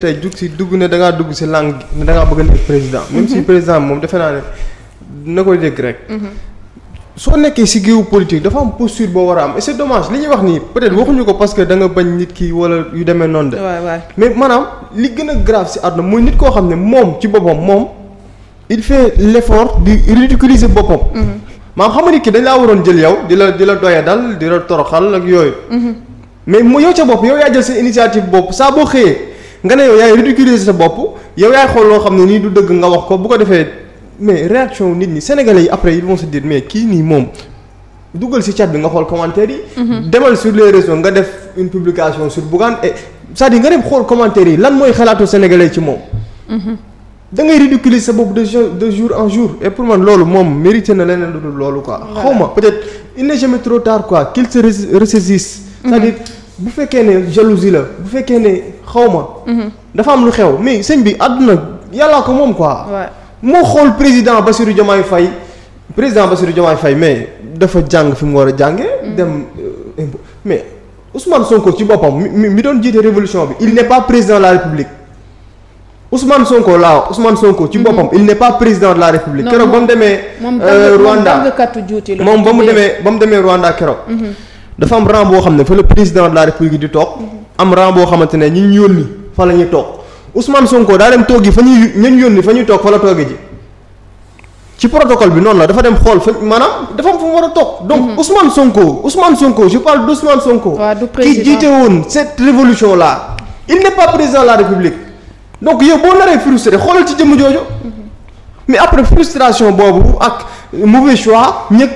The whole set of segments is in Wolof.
tey jug si dugg ne da ngaa dugg si langue gi ne da ngaa bëgg a nekk président. même si mhm. président moom defe naa ne ko dégg rek. Mhm. soo nekkee si géewu politique dafa am posture boo war am et c'est dommage li ñuy wax nii peut-être waxuñu ko parce que da nga bañ nit ki wala yu demee noonu de. mais maanaam li gën a grave si àdduna muy nit koo xam ne moom ci boppam moom il fait l'effort di ridiculiser boppam. Mhm. maam xam nga ni ki dañ laa waroon jël yow di la di la doya dal di la toroxal ak yooyu. mais mu yow ca bopp yow yaa jël sa initiative bopp saa boo xëyee. nga ne yow yaay ridiculiser sa bopp yow yaay xool loo xam ne nii du dëgg nga wax ko bu ko defee mais réaction nit ñi sénégalais yi après ils vont se dire mais kii nii moom dugal si chat bi nga xool commentaire yi. Mhm. demal sur les réseaux nga def une publication sur Bougane et dire nga dem xool commentaire yi lan mooy xalaatu sénégalais ci moom. Mhm. da ngay ridiculiser sa bopp de de jour en jour et pour man loolu moom mérité na leneen lu dul loolu quoi. xaw peut-être il mhm. ne jalousie la xaw ma. Mhm. dafa am lu xew mais sëñ bi àdduna yàllaa ko moom quoi. moo xool président Bassirou Diomaye fay président Bassirou Diomaye Faye mais dafa jàng fi mu war a jàngee. Mhm. dem euh, mais Ousmane Sonko ci boppam mi mi doon jiite révolution bi il n'est pas président de la République. Ousmane Sonko laa Ousmane Sonko ci mhm. boppam il n'est pas président de la République. keroog ba mu demee. Euh, Rwanda moom ba mu demee ba mu demee Rwanda keroog. dafa am rang boo xam ne fa la président la République di toog. am rang boo xamante ne ñi ñu yónni fa la ñuy toog Ousmane Sonko daa dem toogi fa ñuy ñen yónni fa ñuy toog fa la tooge ji ci protocole bi noonu la dafa dem xool fa maanaam dafa am mu war a toog. donc mhm. Ousmane Sonko Ousmane Sonko je parle d' Sonko. waaw du président ki jiite woon cette révolution là. il n' est pas président la République donc yow boo naree frustré xoolal ci jëmm jooju. Mhm. mais après frustration boobu ak mauvais choix ñëpp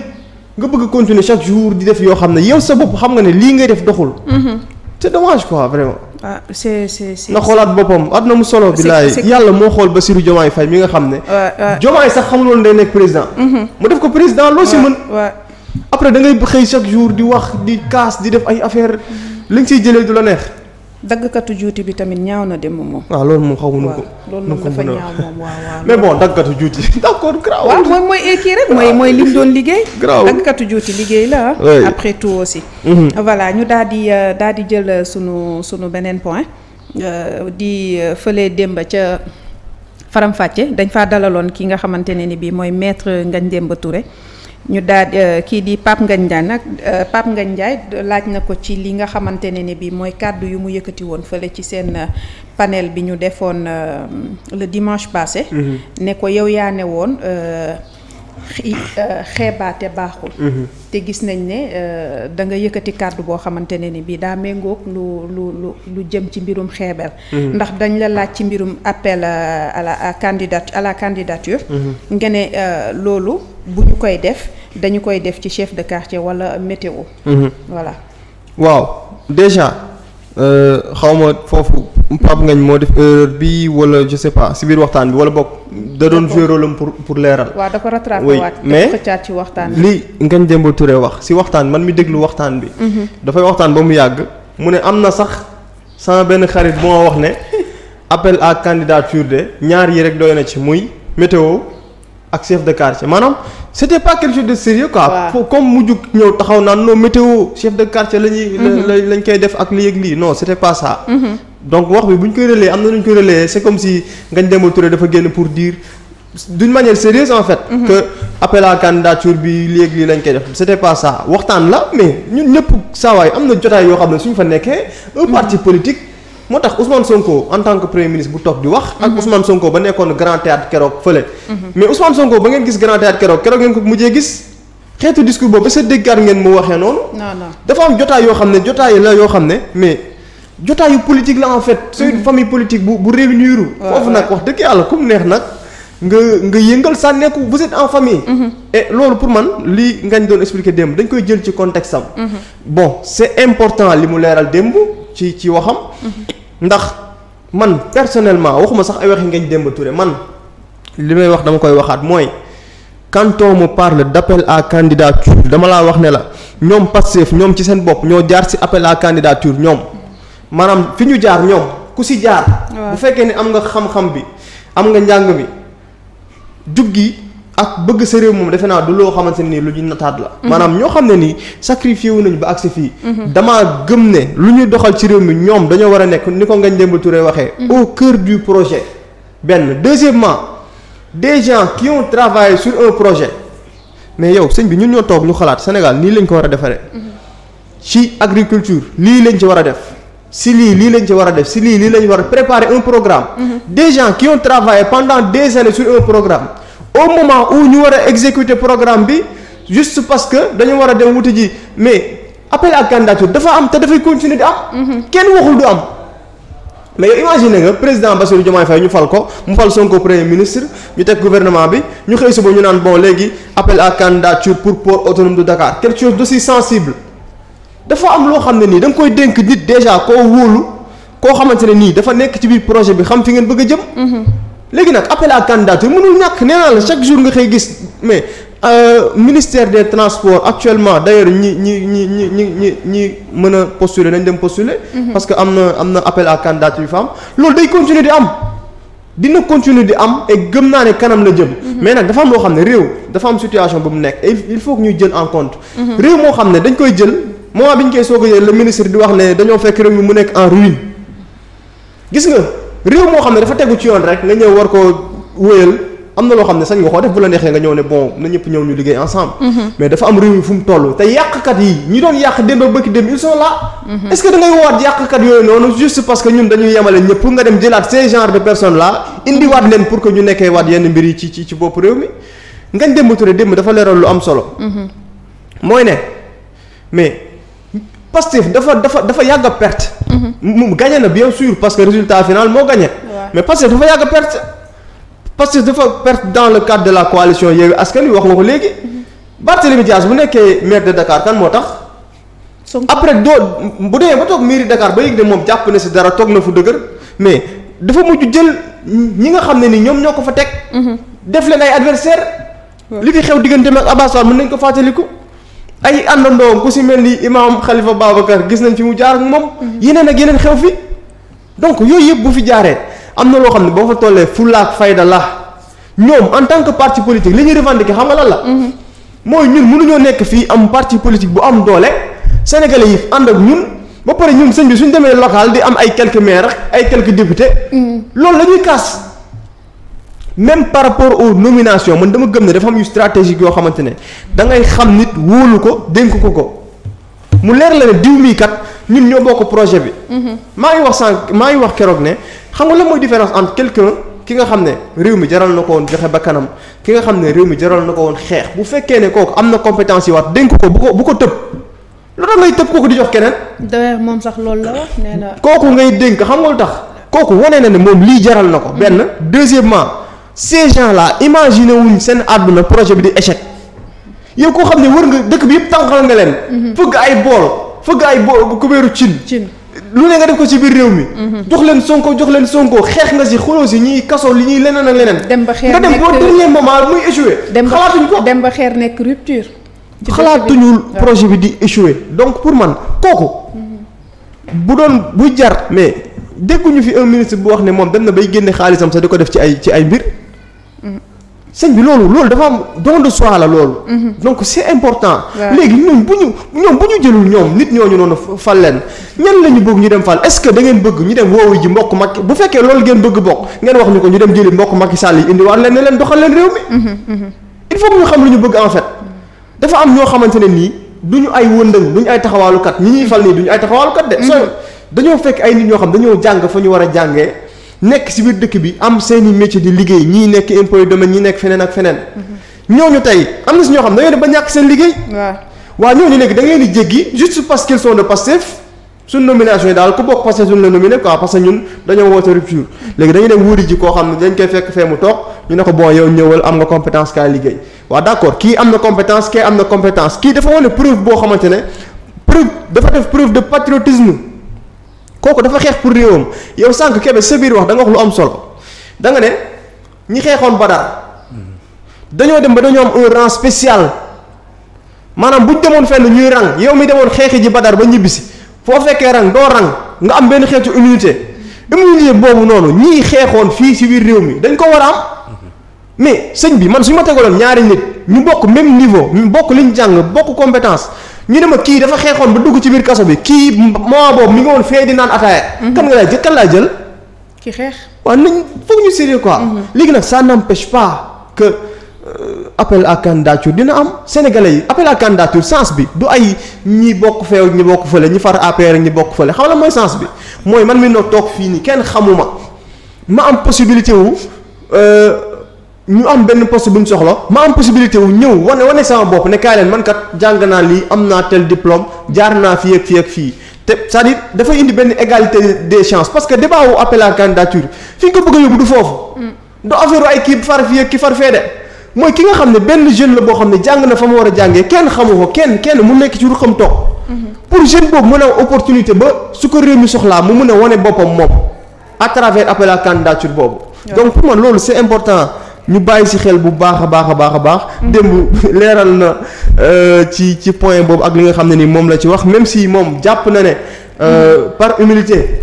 nga bëgg continuer chaque jour di def yoo xam ne yow sa bopp xam nga ne lii ngay def doxul. Mhm. c'est dommage quoi vraiment. ah c'est c'est c'est. na xoolaat boppam àdduna mu solo. bilaay yàlla moo xool ba Bassirou Diomaye Faye mi nga xam ne. Diomaye sax xamul woon day nekk président. Mhm. mu def ko président loo si mën. après da ngay xëy chaque jour di wax di kaas di def ay affaire mhm. li nga siy jëlee du la neex. daggkatu juuti bi tamit ñaaw na dem moom. waaw loolu moom xamuñu ko. loolu moom dafa ñaaw moom waaw waaw. mais bon daggkatu juuti d'accord grave. waaw mooy mooy kii rek mooy mooy doon liggéey. grave daggkatu juuti liggéey la après tout aussi. Mhm. voilà ñu daal di euh, daal di jël euh, suñu suñu beneen point euh, di fële démb ca faram-fàcce dañ faa dalaloon ki nga xamante ne ni bii mooy maître Ngagne Demba Touré. ñu daal euh, kii di Pape Ngagne Ndiaye nag euh, Pape Ngagne Ndiaye laaj na ko ci li nga xamante ne ni bii mooy kàddu yu mu yëkkati woon fële ci seen euh, panel bi ñu defoon le dimanche passé. Mhm. ne ko yow yaa ne woon xeebaate baaxul. Mhm. te gis nañ ne da nga yëkkati kàddu boo xamante ne ni bii daa méngoog lu lu lu lu jëm ci mbirum xeebel. Mhm. ndax dañ la laaj ci mbirum appel à la à la candidature. nga loolu. bu ñu koy def dañu koy def ci chef de quartier wala météo. Mhm. voilà. waaw déjà euh, xaw ma foofu Pape ngañ moo def erreur bi wala je sais pas si biir waxtaan bi wala bokk da doon jouer pour pour leeral. waa dafa rattrapé waat mais ci waxtaan bi li Ngagne Demba Touré wax si waxtaan man mi déglu waxtaan bi. Mhm. dafay waxtaan ba mu yàgg. mu ne am na sax sama benn xarit bu ma wax ne appel à candidature de ñaar yi rek doy na ci muy météo. ak chef de quartier maanaam c' était pas de sérieux quoi. comme mu ñëw taxaw naan non météo chef de quartier la mm-hmm. lañ koy def ak lii ak lii no c' était pas mm-hmm. donc wax bi bu koy relayé am na nu ñu koy relayé c' comme si Ngagne Demba Touré dafa génn pour dire d' une manière sérieuse en fait. Mm -hmm. que appel candidature bi lii ak lii lañ koy def c' était pas waxtaan la mais ñun ñëpp saa waay am na jotaay yoo xam ne suñ fa nekkee. un politique. moo tax Ousmane Sonko en tant que premier ministre bu toog di wax. ak mhm. Ousmane Sonko ba nekkoon grand théâtre keroog fële. Mhm. mais Ousmane Sonko ba ngeen gis grand théâtre keroog keroog ngeen ko mujjee gis. xeetu discours boobu ba sa déggaat ngeen mu waxee noonu. dafa am jotaay yoo xam ne jotaay la yoo xam ne mais jotaayu politique la en fait. Mhm. c'est famille politique bu bu réunir. foofu nag wax dëgg yàlla ku neex nag nga nga yëngal sa nekku vous en famille. loolu man li ngañ doon expliquer démb dañ koy jël ci contexte am. bon li mu leeral démb ci ci ndax man personnellement waxuma sax ay waxi ngeen Demba man li may wax dama koy waxaat mooy quand mu me parle d' appel à candidature dama laa wax ne la ñoom Pastef ñoom ci seen bopp ñoo jaar si appel à candidature ñoom maanaam fi ñu jaar ñoom ku si jaar. bu fekkee ne am nga xam-xam bi am nga njàng bi jug ak bëgg sa réew moom defe naa du loo xamante ne nii lu ñu nataat la. Mhm. maanaam ñoo xam ne nii sacrifié wu nañu ba agsi fii. Mhm. damaa gëm ne lu ñuy doxal ci réew mi ñoom dañoo war a nekk ni ko Ngagne Demba Touré waxee. Mhm. au cœur du projet. benn deuxièmement des gens qui ont travaillé sur un projet mais yow sëñ bi ñun ñoo toog ñu xalaat Sénégal nii lañ ko war a defaree. ci agriculture lii lañ ci war a def. si lii lii lañ ci war a def si lii lii lañ war a préparer un programme. des gens qui pendant des années sur un au moment où ñu war a exécuter programme bi juste parce que dañu war a dem wuti ji mais appel à candidature dafa am te dafay continuer di am. Mhm. kenn waxul du am. mais yow imagine nga président Bassirou Diomaye Faye ñu fal ko mu fal Sonko premier ministre ñu teg gouvernement bi ñu xëy suba ñu naan bon léegi appel à candidature pour port autonome de Dakar quelque chose d'aussi sensible dafa am loo xam ne nii danga koy dénk nit déjà koo wóolu koo xamante ne nii dafa nekk ci biir projet bi xam fi ngeen bëgg a jëm. Mhm. léegi nag appel à candidature mënul ñàkk nee naa la chaque jour nga xëy gis mais euh, ministère de transport actuellement d'ailleurs ñi ñi ñi ñi ñi ñi ñi mën a postuler nañ dem postuler. Mhm. parce que am na am na appel à candidature yu fa am loolu day continuer di am dina continuer di am ay gëm naa ne kanam la jëm. Mhm. mais nag dafa am loo xam ne réew dafa am situation bu mu nekk il faut ñu jël en compte. Mhm. réew moo xam ne dañ koy jël moment bi ñu koy soog a jël le di wax ne dañoo fekk réew mi mu nekk en ruine nga. réew moo xam ne dafa tegu ci yoon rek nga ñëw war ko wéyal am na loo xam ne sañ nga koo def bu la neexee nga ñëw ne bon na ñëpp ñëw ñu liggéey ensemble mm-hmm. mais dafa am réew mi fu mu toll te yàqkat yi ñi doon yàq démb bëkki démb ils sont là mm-hmm. est-ce que da yooyu noonu juste parce ñun dañuy yemale ñëpp nga dem jëlaat ces genre de personnes là indi leen pour que ñu nekkee waat yenn mbir yi ci ci bopp réew mi ngañ démb ture démb dafa leeral Pastef dafa dafa dafa yàgg a perte. Mhm. mu gagné na bien sûr parce que résultat final moo gagné. mais Pastef dafa yàgg a perte. Pastef dafa perte dans le cadre de la coalition Yewwi Askan Wi wax nga ko léegi. Mhm. Barthélémy Dias bu nekkee maire de Dakar kan moo tax. après doo bu demee ba toog mairie Dakar ba yëg ne moom jàpp na si dara toog na fu dëgër mais dafa mujj jël ñi nga xam ne ni ñoom ñoo ko fa teg. Mhm. def leen ay adversaire li fi xew digganteem ak Abass Fall nañ ko fàttaliku. ay àndandoom ku si mel ni imaam Khalifa Babacar gis nañ fi mu jaar ak moom. Mhm. yeneen ak yeneen xew fi. donc yooyu yëpp bu fi jaaree am na loo xam ne boo fa tollee fulaak fayda la ñoom en tant que parti politique li ñuy revendiquer xam nga lan la. Mhm. mooy ñun mënuñoo nekk fii am parti politique bu am doole sénégalais yi ànd ak ñun ba pare ñun sëñ suñ demee local di am ay quelques maires ay quelques députés. Mhm. loolu lañuy ñuy kaas. même par rapport aux nomination man dama gëm ne dafa am yu stratégique yoo xamante ne dangay ngay xam nit wóolu ko dénk ko ko mu leer la ne diw mii kat ñun ñoo ko projet bi. Mhm. maa ngi wax sànq maa ngi wax keroog ne xam nga lan mooy différence entre quelqu'un ki nga xam ne réew mi jaral na ko woon joxe ba kanam ki nga xam ne réew mi jaral na ko woon xeex bu fekkee ne kooku am na compétence yi dénk ko bu ko bu ko tëb. loolu ngay tëb kooku di jox keneen. d'ailleurs moom sax loolu nee na. kooku ngay dénk xam nga lu tax kooku wane na ne moom lii jaral na ko. Mhm. benn deuxièmement ces gens là imaginer wuñ seen àdduna projet bi di échec yow koo xam ne wër nga dëkk bi yëpp tànqal nga leen. Mhm. fëgg ay bool fëgg ay bool kubéeru cin. cin lu ne nga def ko ci biir réew mi. Mhm. jox leen sonko jox leen sonko xeex nga si xuloo si ñuy kaso li ñuy leneen ak leneen. dem ba xeer nekk nga dem boo dernier moment muy échoué. xalaatuñu ko dem ba xeer nekk rupture. xalaatuñu projet bi di échoué donc pour man kooku. Mhm. bu doon bu jar mais dégguñu fi un ministre bu wax ne moom dem na bay génne xaalisam sax di ko def ci ay ci ay mbir. señ bi loolu loolu dafa am don de soi la loolu. Mhm. donc c'est important. léegi bu ñu ñoom bu ñu jëlul ñoom nit ñoo ñu noonu fal leen ñan la ñu bëgg ñu dem fal est-ce que da ngeen bëgg ñu dem woowu ji mbokk Macky bu fekkee loolu ngeen bëgg bokk ngeen wax ñu ko ñu dem jëli mbokk Macky Sall yi indiwaat leen ne leen doxal leen réew mi. Mhm, mhm. il faut que ñu xam lu ñu bëgg en fait dafa am ñoo xamante ne nii du ñu ay wëndëng du ñu ay taxawaalukat ñi ñuy fal nii du ñu ay taxawaalukat de. sooy dañoo fekk ay ñoo xam dañoo jàng fa ñu war a jàngee nekk si biir dëkk bi am seen i di liggéey ñi nekk impôt domaine ñii nekk feneen ak feneen. Mhm. ñu tey am na si ñoo xam dañoo dem ba ñàkk seen liggéey. waaw waaw ñooñu léegi da ngay di jéggi juste parce qu'ils de Pastef que ñun dañoo woote rupture. léegi dañuy dem wuuri ji koo xam ne dañ koy fekk fee mu toog ñu ne ko bon yow ñëwal am nga compétence kaay liggéey waaw d'accord kii am na compétence kii am na compétence kii dafa wane preuve boo xamante ne preuve dafa def preuve de patriotisme. kooku dafa xeex pour réewam yow sànq Kébé sa biir wax da nga wax lu am solo da nga ne ñi xeexoon Badar dañoo dem ba dañoo am un rang spécial maanaam bu demoon fenn ñuy rang yow mi demoon xeexi ji Badar ba ñibbisi foo fekkee rang doo rang nga am benn xeetu immunité immunité boobu noonu ñii xeexoon fii ci biir réew mi dañ ko war a am mais sëñ bi man suñu ma tegaloon ñaari nit ñu bokk même niveau ñu bokk liñ jàng bokk compétence. ñu ne ma kii dafa xeexoon ba dugg ci biir kaso bi kii moment boobu mi ngi woon fee di naan ataaya. Mhm. kan nga lay jël kan laa jël. ki xeex waaw nañ foog ñu sérieux quoi. Mhm. léegi nag ça n'empêche pas que euh, appel à candidature dina am sénégalais yi appel à candidature sens bi du ay ñi bokk feew ñi bokk fële ñi far APR ñi bokk fële xam la mooy sens bi mooy man mi noo toog fii nii kenn xamuma ma am possibilité wu. Euh, ñu am benn poste bu ñu soxla ma am possibilité wu ñëw wane wane sama bopp ne kaay leen man kat jàng naa lii am naa tel diplôme jaar naa fii ak fii ak fii te cest à dafay indi benn égalité des chances parce que débat wu appel à candidature fi nga ko bëgg yóbbu du foofu. Mm. du affaire ay kii far fii ak ki far fee de mooy ki nga xam ne benn jeune la boo xam ne jàng na fa ma war a jàngee kenn xamu ko kenn kenn mu nekk ci lu xam toog. Mm-hmm. pour jeune boobu mën a ba su ko réew mi soxlaa mu mën a wane boppam moom à travers appel à boobu. donc ñu bàyyi si xel bu baax a baax a baax a baax. Mm-hmm. démb leeral na euh, ci ci point boobu ak li nga xam ne ni moom la ci wax même si moom jàpp na ne euh, mm-hmm. par humilité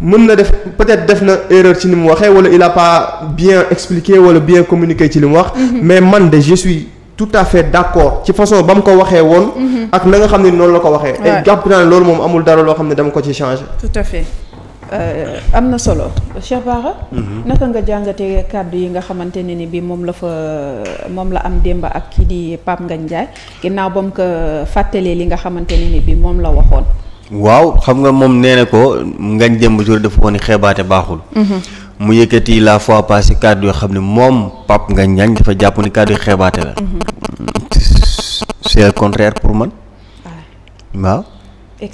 mën na def peut-être def na erreur ci ni mu waxee walla il a pas bien expliqué walla bien communiqué ci li mu wax. Mm-hmm. mais man de je suis. tout à fait d'accord ci façon ba mu ko waxee woon. ak na nga xam ne noonu la ko waxee. waaw jàpp naa ne loolu moom amul dara loo xam ne dama ko ci changer. tout à fait. Euh, am na solo Cheikh Bara mhm. naka nga jàngate kàddu yi nga xamante ne ni bi moom la fa moom la am démb ak kii di Pape Ngagne Ndiaye ginnaaw bam ko fàttalee li nga xamante ne ni bi moom la waxoon waaw xam nga moom nee ko Ngagne démb jour dafa ko ni xeebaate baaxul mhm. mu yëkkati la fois passé kàddu yoo xam ne moom Pape nga Ndiaye dafa jàpp ni kàddu yi xeebaate la mhm. c'est contraire pour man waaw